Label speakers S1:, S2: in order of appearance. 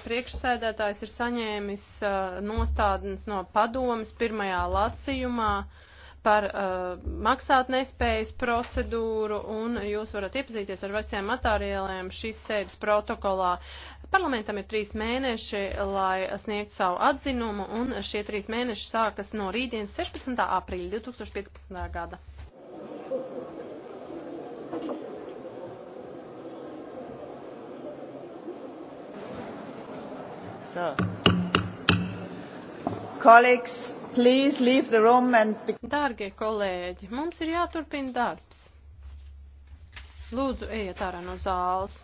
S1: Priekšsēdētājs ir saņēmis uh, nostādnes no padomas pirmajā lasījumā par uh, maksātnespējas procedūru, un jūs varat iepazīties ar visiem materiāliem šīs sēdes protokolā. Parlamentam ir trīs mēneši, lai sniegtu savu atzinumu, un šie trīs mēneši sākas no rītdienas 16. aprīļa 2015. gada.
S2: Thank you.
S3: So. Colleagues, please leave
S4: the room and... Dārgie kolēģi, mums ir jāturpina darbs.
S5: Lūdzu, ejiet ārā no zāles.